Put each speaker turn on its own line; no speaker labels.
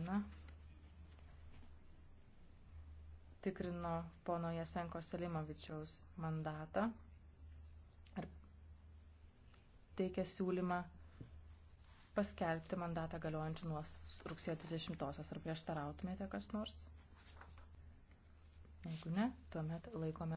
dieną tikrino pono Jasenko Selimovičiaus mandatą ir teikė siūlymą paskelbti mandatą galiojančių nuo rugsėjo 20-osios. Ar prieštarautumėte kas nors? Jeigu ne,
tuomet laikome.